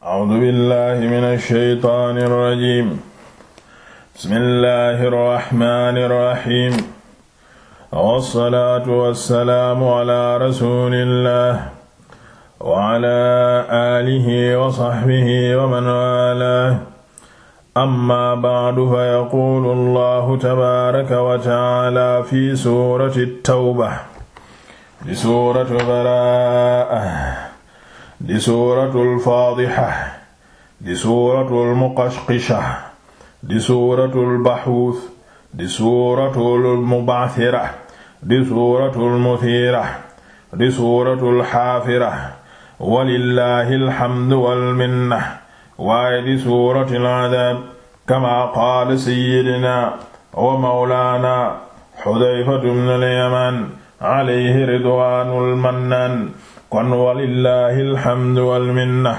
A'uuzu billaahi mina shaytaani rajiim. Bismillaahi rahmaani rahiim. Wassalaatu wassalaamu alaa rasuulillaah wa alaa aalihi wa sahbihi wa man waalaah. Ammaa ba'du fa yaquulu Allaahu tabaaraka wa ta'aalaa fi suurati Tawba, li suurati Baraa'a. di suuratul faadixa di suuratul muqashqisha di suuratul baxuus di suuratul mubaasira di suuratul musiira di suuratul xaafira walillaahi alhamdu wal minna waaye di suuratul adaab kamaa qaala sayyidinaa wa mawlaanaa xudayfatu bnul yamaan alayhi ridwaanul mannaan kon walillahi alhamdu wal minna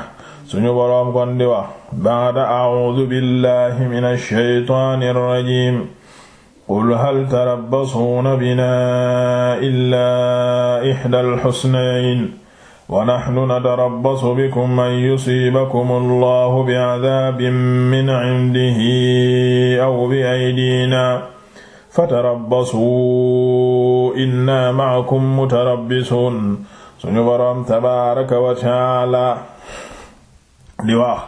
suñu boroom kon di wax baada a'uudu billahi minash shaytaanir rajiim qul hal tarabbasuuna binaa illaa ihdal husnayn wa nahnu natarabbasu bikum an yusiibakum allahu bi'adaabin min 'indihi aw bi aydiinaa fatarabbasu inna ma'akum mutarabbisuun suñu boroom tabaaraka wa taala wax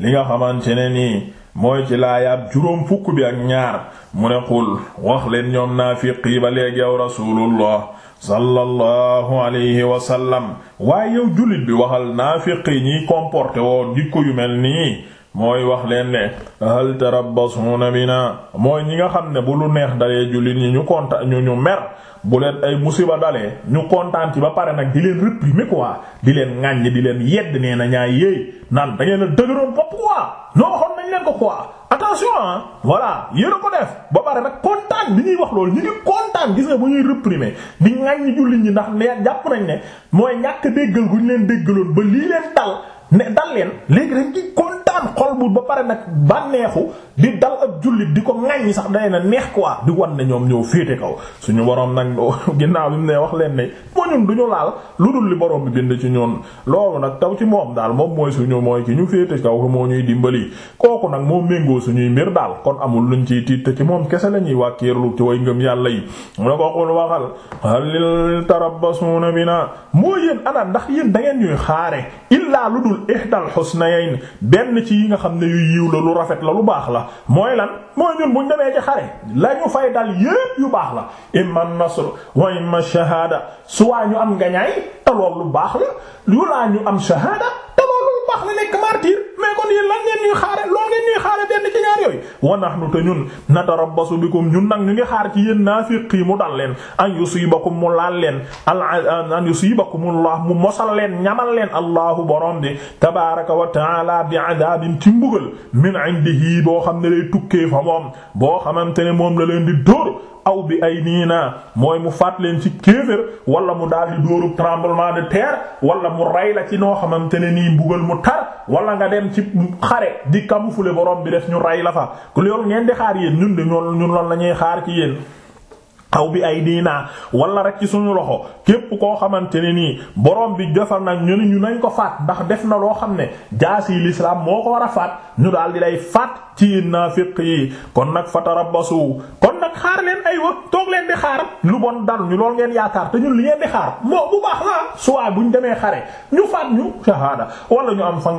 li nga xamante ne nii mooy ci laayaab juróom fukk bi ak mu ne xul wax leen ñoom naafiqi ba léegi yow rasulullah waaye yow jullit bi waxal naafiqi ñiy comporté woon jikko yu mel nii mooy wax leen ne hal tarabbasuna bina mooy ñi nga xam ne bu lu neex dalee jullit ñi ñu konta ñu ñu mer bu leen ay musiba dalee ñu kontaan ci ba pare nag di leen réprimer quoi di leen ŋàññ di leen yedd nee na ñaay yéey naan da ngeen a dëgëroon bopp quoi non waxoon nañ leen ko quoi attention ah voilà a ko def ba pare nag kontaan bi ñuy wax loolu ñu ngi kontaan gis nga bu ñuy réprimer di ŋàññ jullit ñi ndax ne jàpp nañ ne mooy ñàkk déggal gu ñu leen déggaloon ba ne dal leen léegi dañ ci kontaan xol bu ba pare nag bànneexu di dal ak jullit di ko ŋaññi sax day na neex ko quoi di wan ne ñoom ñoo féete kaw suñu waroon nag ginnaaw bi mu ne wax leen ne moo ñu laal lu dul li borom bi ci ñoon loolu nag taw ci moom daal moom mooy suñu mooy ñu féete kaw ko moo ñuy dimbali kooku nag moo méngoo suñuy mbir daal kon amul luñ ciy tiit te ci moom kese la ñuy wàkkiirlu ci way ngëm yàlla yi mu ne ko xul waxal halil tarabbasuna bina moo yéen ana ndax yéen da ñuy xaare illa lu dul xul ihdal husnayn benn ci yi nga xam ne yu yiw la lu rafet la lu baax la mooy lan mooy ñun buñ demee ci xare la ñu fay dal yépp yu baax la imma nasr wa imma shahaada suwaa ñu am ngañaay te lool lu baax la yu laa ñu am shahaada te loolu lu baax la nekk martyr mais kon yéen lan ngeen ñuy xaare loolu ngeen ñuy xaare benn ci ñaar yooyu wa te ñun natarabbasu bikum ñun nag ñu ngi xaar ci yéen naafiq yi mu dal leen an yusibakum mu laal leen al an yusibakumullah mu mosal leen ñamal leen allahu borom bi tabaraka wa taala bi adabin ci mbugal min indihi boo xam ne lay tukkee fa moom boo xamante ne moom la leen di dóor aw bi ay nii naa mooy mu faat leen ci kéefër wala mu daal di dóorub tremblement de terre wala mu rey la ci noo xamante ne nii mbugal mu tar wala nga dem ci xare di camoufler borom bi def ñu rey la fa loolu ngeen di xaar yéen ñun de ñun loolu la ñuy xaar ci yéen. aw bi ay diina wala rek ci suñu loxo képp koo xamante ne nii borom bi defar nag ñu ne ñu nañ ko faat ndax def na loo xam ne jaasi lislaam moo ko war a faat ñu daal di lay faat ci naafiq kon nag fatarabbasu kon nag xaar leen toog leen di xaar lu bon dal ñu lool ngeen yaakaar te ñun li ngeen di xaar moo bu baax la soit buñ demee xare ñu faat ñu shahada wala ñu am fa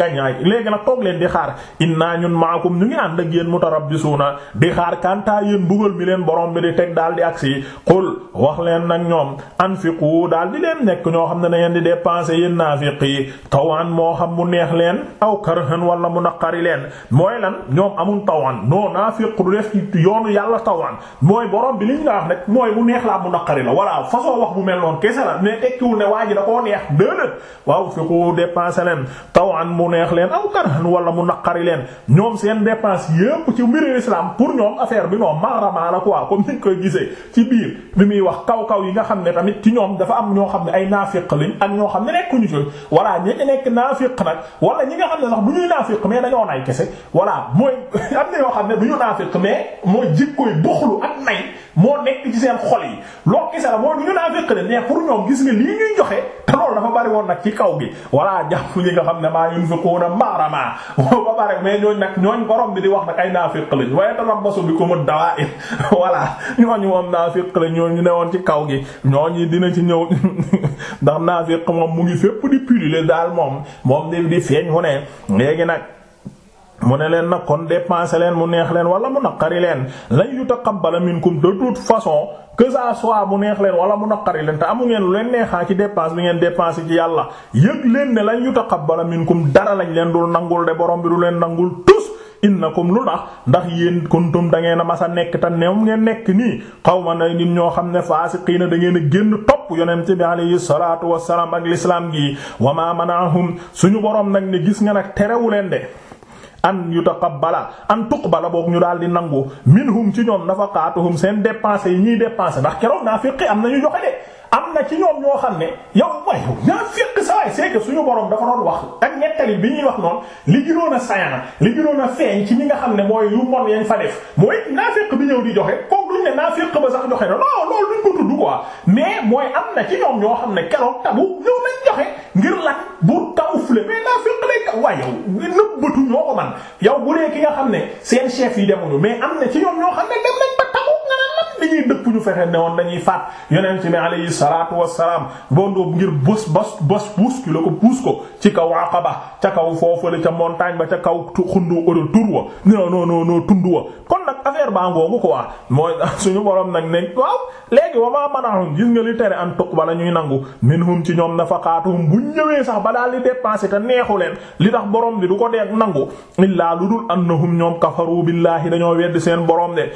léegi nag toog leen di xaar inna ñun maakum ñu ngi ànd ak yéen mutarabbisuna di xaar kanta yéen bugal mi leen borom bi di teg daal di agsi yi qul wax leen nag ñoom anfiqu daal di leen nekk ñoo xam ne na ngeen di dépenser yéen naafiq yi tawan moo xam mu neex leen aw karhan wala mu naqari leen mooy lan ñoom amul tawan non naafiq du def ci yoonu yàlla tawan mooy borom bi li ñu la wax nag mooy neex la mu naqari la voilà façon wax bu mel noonu kese la ne tekkiwul ne waa ji da koo neex déedéet waaw fiqu dépenser mu neex leen aw karhan wala mu naqari leen ñoom seen dépense yépp ci mbiru islam pour ñoom affaire bi noonu maarama la quoi comme niñ koy gisee biir bi muy wax kaw kaw yi nga xam ne tamit ci ñoom dafa am ñoo xam ne ay naafiq lañ ak ñoo xam ne nekkuñu ci voilà ñi ci nekk naafiq nag wala ñi nga xam ne sax na yoo xam ne du ñu naafiq mais mooy nekk ci seen xol yi loo kese naafiq de mais ba bari mais ñooñ nag ñooñ borom bi di wax nag ay naafiq lañ waaye tarabbasu bikum ad-dawa'ir voilà moom naafiq naafiq la ñoo ñu newoon ci kaw gi ñooñu dina ci ñëw ndax naafiq moom mu ngi fépp di pulule daal moom moom di di feeñ fu ne léegi nag mu ne leen nag kon dépenser leen mu neex leen wala mu naqari leen lan yu taqabbala minkum de façon que ça soit mu neex leen wala mu naqari leen te amu ngeen lu leen neexaa ci dépense bi ngeen dépenser ci yàlla yëg leen ne lan yu taqabbala dara lañ leen dul nangul de borom bi du leen nangul tus innakum lu ndax ndax yéen kuntum da ngeen a mas a nekk te new ngeen nekk nii xaw ma na nit ñoo xam ne faasiqiina da ngeen a génn topp yonent bi alayhi salaatu wassalaam ak lislaam gi wa ma manahum suñu boroom nag ne gis nga nag terewu leen de an yutaqabbala an bala boog ñu daal di nangu minhum ci ñoom nafaqatuhum seen dépenses yi ñuy dépenser ndax keroog naa fiqi am nañu joxe de am na ci ñoom ñoo xam ne yow mooy yow ñaa fekk saa yi suñu borom dafa doon wax ak nettali bi ñuy wax noon li gënoon a sayana li gënoon a feeñ ci ñi nga xam ne mooy yu mon yañ fa def mooy naa fekk bi ñëw di joxe kooku duñ ne naa ba sax joxe na non loolu duñ ko mooy am na ci ñoom ñoo xam ne keroog tabu ñëw ngir lan bu camoufler mais naa fekk lay ka waaye yow nëbbatu ñoo ko man yow bu dee ki nga xam ne seen chef yi demuñu mais am na ci ñoom ñoo xam ne ñu fexe ne woon dañuy faat yonent bi alayhi salaatu wassalaam bondoob ngir bës bas bas puus ki la ko puus ko ci kaw Aqaba ca kaw foofale ca montagne ba ca kaw xundu ëra tur wa non non non non tund wa kon nag affaire baa ngoogu quoi mooy suñu borom nag ne waaw léegi wa maa manahum gis nga li tere an tuqbala ñuy nangu minhum ci ñoom nafaqaatuhum buñ ñëwee sax ba daal di dépenser te neexu leen li tax borom bi du ko deeg nangu illaa lu dul annahum ñoom kafaru billahi dañoo weddi seen borom de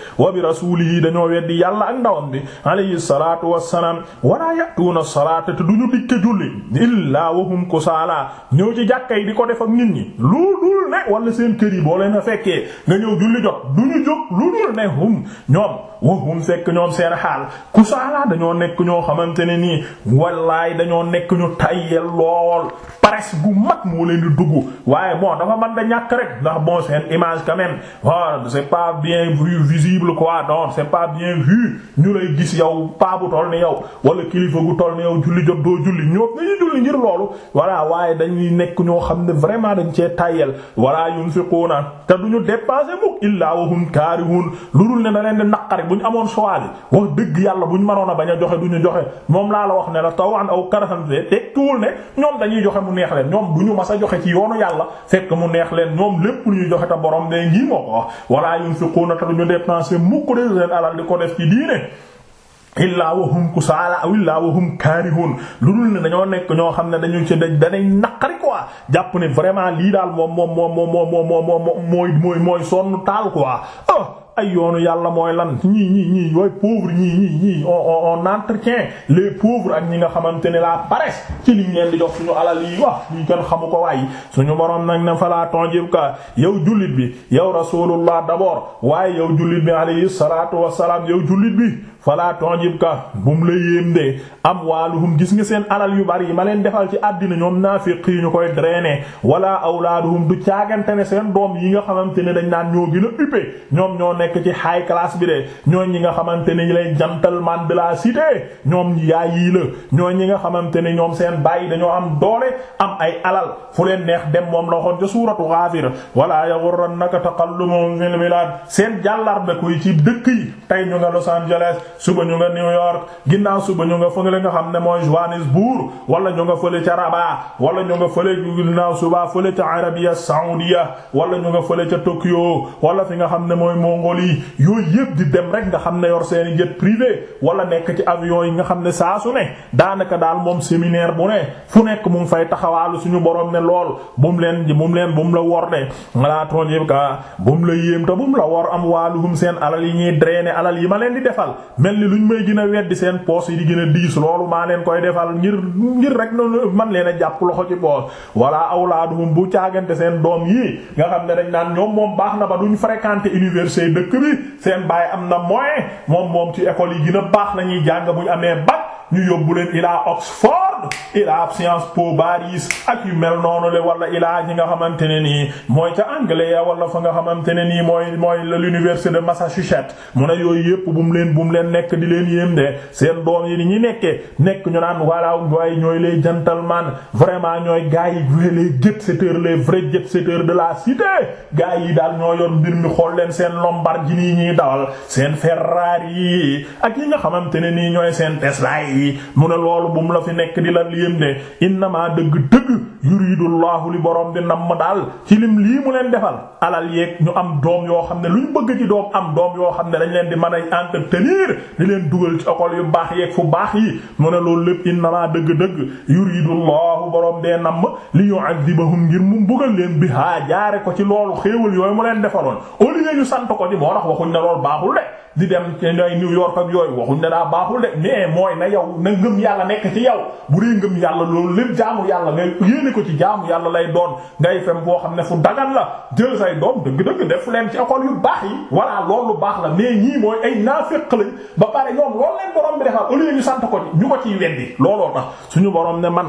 ndawam bi alayhi salaatu wassalaam walaa du salaata te duñu dikke julli illaa wahum kusaala ñëw ci jàkka yi di ko def ak nit ñi lu dul ne wala seen kër yi boo leen a fekkee nga ñëw julli jot duñu jóg lu dul ne hum ñoom wahum fekk ñoom seen xaal kusaala dañoo nekk ñoo xamante ne nii wallaay dañoo nekk ñu tayyel lool presse gu mag moo leen di dugg waaye bon dafa mën da ñàkk rek ndax bon seen image quand même waaw oh, c'est pas bien vu visible quoi non c'est pas bien vu ñu lay gis yow paa bu toll ni yow wala kilifa gu toll ni yow julli jot doo julli ñoom nañu julli ngir loolu voilà waaye dañuy nekk ñoo xam ne vraiment dañ cee tayel wala ñu dépenser mukk illaa wa hum kaarihun lu dul ne da leen di naqari bu ñu amoon choix bi wax dëgg bu ñu mënoon a a joxe du ñu joxe moom laa la wax ne la tawan aw karhan tekkiwul ne ñoom dañuy joxe mu neex leen ñoom du ñu mas a joxe ci yoonu yàlla fekk mu neex leen ñoom lépp lu ñuy joxe te borom de ngi moo ko wax wala yunfiquna te du ñu dépenser mukk de leen alal di ko def ci diine illaa wahum kusaala illaa wahum kaarihuun lu dul ne dañoo nekk ñoo xam ne dañu ci daj danay naqari quoi jàpp ne vraiment lii daal moom moom moom moom mooy mooy mooy sonn taal quoi ay yoonu yàlla mooy lan ñii ñii ñii ñooy pauvre ñii ñii ñii on on entretient les pauvres ak ñi nga xamante ne la paresse ci liñ leen di jox suñu alal yi wax ñu kenn xamu ko waay suñu borom nag ne fala tonjib ka yow jullit bi yow rasulullah d'abord waaye yow jullit bi alayhi salatu wasalaam yow jullit bi fala tonjib ka bu mu la yéem de am waaluhum gis nga seen alal yu bari yi ma leen defal ci àddina ñoom naafiq yi ñu koy drainer wala awlaaduhum du caagante ne seen doom yi nga xamante ne dañ nekk ci high class bi de ñooy ñi nga xamante ne ñi lay gentleman de la cité ñoom yaa yii la ñooy ñi nga xamante ne ñoom seen bàyyi dañoo am doole am ay alal fu leen neex dem moom la xoon ca suuratu Ghafir wala yaghurrannaka taqallubuhum fil bilad seen jàllarbe kuy ci dëkk yi tey ñu nga Los Angeles suba ñu nga New York ginnaaw suba ñu nga fële nga xam ne mooy Johannesburg wala ñu nga fële ca Rabat wala ñu nga fële ginnaaw suba fële ca Arabia Saoudia vol yi yooyu yëpp di dem rek nga xam ne yor seen i jet privé wala nekk ci avion yi nga xam ne saa su ne daanaka daal moom séminaire bu ne fu nekk mu ngi fay taxawaalu suñu borom ne lool bu mu leen bu mu leen la wor de walaa mu la yéem te bu la wor seen alal yi ñuy drainer alal yi ma leen di defal mel ni luñ may seen poos yi gën a diis loolu leen koy defal ngir ngir rek noonu man leen a jàpp loxo ci poos wala awlaaduhum bu caagante seen doom yi nga xam ne dañ naan ñoom moom baax na ba duñ fréquenter université dëkk seen baay am na moyen moom moom ci école yi gën a baax la ñuy jàng bu ñu amee bac ñu yóbbu leen ilaa Oxford Harvard ilaa Sciences Po Paris ak yu mel noonu le wala ilaa ñi nga xamante ne nii mooy ca anglais ya wala fa nga xamante ne nii mooy mooy l'université de Massachusetts mu ne yooyu yépp bu leen bu leen nekk di leen yéem de seen yi ni ñuy nekkee nekk ñu naan voilà waaye ñooy les gentlemen vraiment ñooy gars yi les jet-setters les vrais jet de la cité gars yi daal ñoo yor mbir mi xool seen Lamborghini yi ñuy dawal seen Ferrari yi ak yi nga xamante ne nii ñooy seen Tesla mu ne loolu bu mu la fi nekk di ila liyem ne innamaa dëgg dëgg yuridu laahu li borom di nam daal ci lim lii mu leen defal alal yeeg ñu am doom yoo xam ne lu ñu bëgg ci doom am doom yoo xam ne dañ leen di mën ay entretenir di leen dugal ci école yu baax yeeg fu baax yi mu ne loolu lépp inna maa dëgg-dëgg yuridu laahu borom dee nam li yu'adhibahum ngir mu mbugal leen bi haa jaare ko ci loolu xéewal yooyu mu leen defaloon au lieu ñu sant ko di moo tax waxuñ ne loolu baaxul de di dem ci ay New York ak yooyu waxuñ ne daa baaxul de mais mooy na yow na ngëm yàlla nekk ci yow bu dee ngëm yàlla loolu lépp jëmee ko ci jaamu yàlla lay doon ngay fem boo xam ne fu dagan la jël say doom dëgg-dëgg def leen ci école yu baax yi voilà loolu lu baax la mais ñii mooy ay naaféq lañ ba pare ñoom loolu leen borom bi defal au ñu sant ko ci ñu ko ciy weddi looloo tax suñu borom ne man.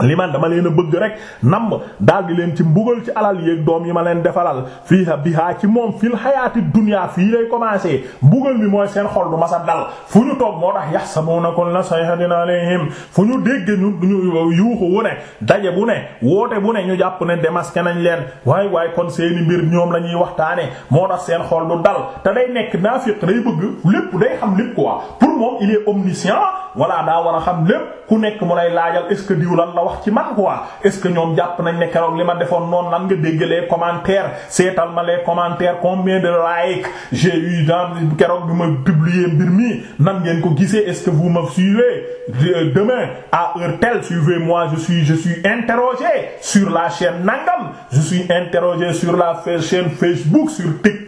li man dama leen a bëgg rek nam daal di leen ci mbugal ci alal yéeg doom yi ma leen defalal fii ha bihaa ci moom fil xayaati dunya fii lay commencé mbugal mi mooy seen xol du masa dal fu ñu toog moo tax yahsabuna kulla sayhatin alayhim fu ñu dégg ñu ñu yuuxu wu ne daje bu ne woote bu ne ñu jàpp ne démasqué nañ leen waay waay kon seeni mbir ñoom la ñuy waxtaane moo tax seen xol du dal te day nekk naafiq day bëgg lépp day xam lépp quoi pour moom il est omniscient daa war a xam lépp ku nekk mu lay laajal est-ce que diw wax ci man quoi est ce que ñoom jàpp nañ ne keroog li ma defoon noonu lan nga dégg les commentaires seetal ma les commentaires combien de likes j'ai eu dans keroog bi ma publier mbir mi nan ngeen ko gisee est ce que vous ma suivez euh, demain à heure telle suivez-moi je suis je suis interrogé sur la chaîne Nangam je suis interrogé sur la chaîne Facebook sur TikTok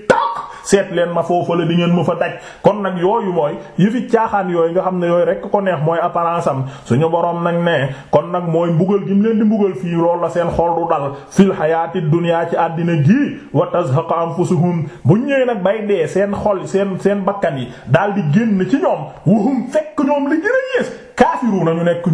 seet leen ma foofu la di ngeen mu fa daj kon nag yooyu mooy yëfi caaxaan yooyu nga xam ne yooyu rek ko neex mooy apparence am suñu boroom nag ne kon nag mooy mbugal gi mu leen di mbugal fii loolu la seen xol du dal fil xayaati dunya ci àddina gii wa tazhaqa anfusuhum bu ñëwee nag bay dee seen xol seen seen bakkan yi daal di génn ci ñoom wuhum fekk ñoom li gën a yées kaafiruuna ñu nekk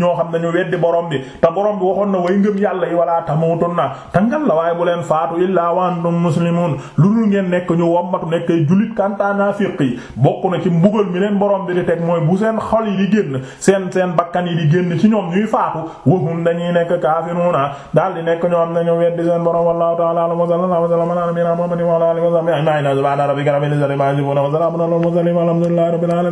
ñoo xam ne weddi borom bi te borom bi waxoon na way ngëm yàlla yi wala tamuutunna te ngal la waaye bu leen faatu illaa wa antum muslimuun lu dul ngeen nekk ñu wommatu nekk ay jullit kanta naafiq yi bokk na ci mbugal mi leen borom bi di teg mooy bu seen xol yi di génn seen seen bakkan yi di génn ci ñoom ñuy faatu wahum dañuy nekk kaafiruuna daal nekk ñoo xam ne ñu weddi seen borom wallahu ta'ala a'lam wa sallallahu wa sallama ala nabiyyina muhammadin